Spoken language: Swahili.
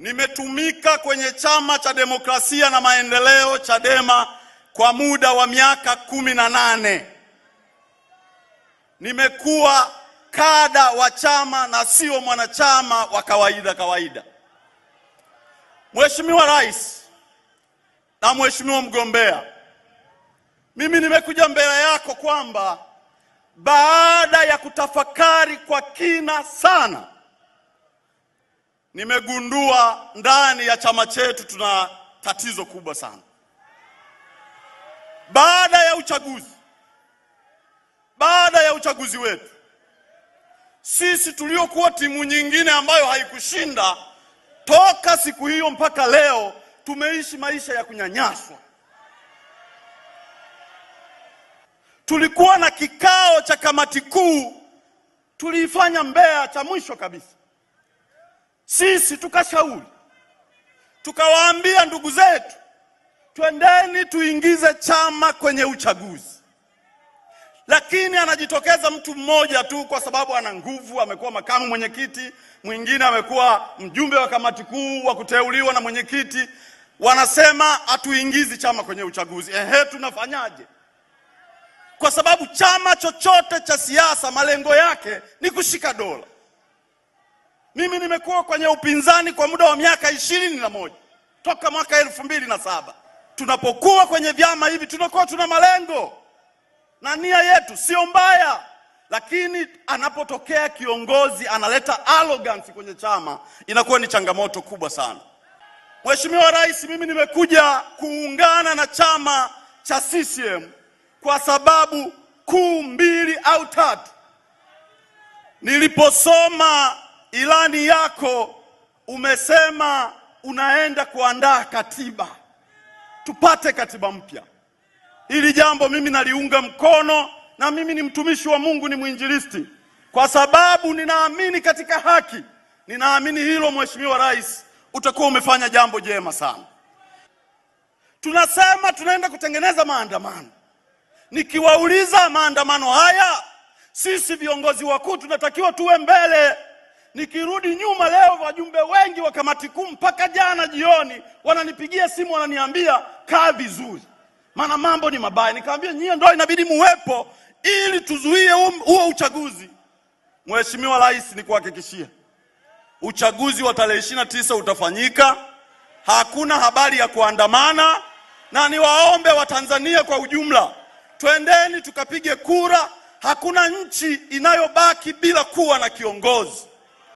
nimetumika kwenye chama cha demokrasia na maendeleo Chadema kwa muda wa miaka kumi na nane. Nimekuwa kada wa chama na sio mwanachama wa kawaida kawaida. Mheshimiwa Rais na Mheshimiwa mgombea, mimi nimekuja mbele yako kwamba baada ya kutafakari kwa kina sana Nimegundua ndani ya chama chetu tuna tatizo kubwa sana. Baada ya uchaguzi, baada ya uchaguzi wetu sisi tuliokuwa timu nyingine ambayo haikushinda toka siku hiyo mpaka leo, tumeishi maisha ya kunyanyaswa. Tulikuwa na kikao cha kamati kuu tuliifanya Mbeya cha mwisho kabisa sisi tukashauri tukawaambia ndugu zetu, twendeni tuingize chama kwenye uchaguzi, lakini anajitokeza mtu mmoja tu, kwa sababu ana nguvu, amekuwa makamu mwenyekiti, mwingine amekuwa mjumbe wa kamati kuu wa kuteuliwa na mwenyekiti, wanasema hatuingizi chama kwenye uchaguzi. Ehe, tunafanyaje? Kwa sababu chama chochote cha siasa malengo yake ni kushika dola. Mimi nimekuwa kwenye upinzani kwa muda wa miaka ishirini na moja toka mwaka elfu mbili na saba. Tunapokuwa kwenye vyama hivi tunakuwa tuna malengo na nia yetu sio mbaya, lakini anapotokea kiongozi analeta arrogance kwenye chama inakuwa ni changamoto kubwa sana. Mheshimiwa Rais, mimi nimekuja kuungana na chama cha CCM kwa sababu kuu mbili au tatu. Niliposoma ilani yako umesema unaenda kuandaa katiba, tupate katiba mpya. Hili jambo mimi naliunga mkono, na mimi ni mtumishi wa Mungu, ni mwinjilisti, kwa sababu ninaamini katika haki. Ninaamini hilo, Mheshimiwa Rais, utakuwa umefanya jambo jema sana. Tunasema tunaenda kutengeneza maandamano. Nikiwauliza maandamano haya, sisi viongozi wakuu tunatakiwa tuwe mbele Nikirudi nyuma leo, wajumbe wengi wa kamati kuu mpaka jana jioni wananipigia simu, wananiambia kaa vizuri, maana mambo ni mabaya. Nikamwambia nyie ndio inabidi muwepo ili tuzuie huo uchaguzi. Mheshimiwa Rais, kuhakikishia uchaguzi wa tarehe ishirini na tisa utafanyika. Hakuna habari ya kuandamana, na niwaombe Watanzania kwa ujumla, twendeni tukapige kura. Hakuna nchi inayobaki bila kuwa na kiongozi.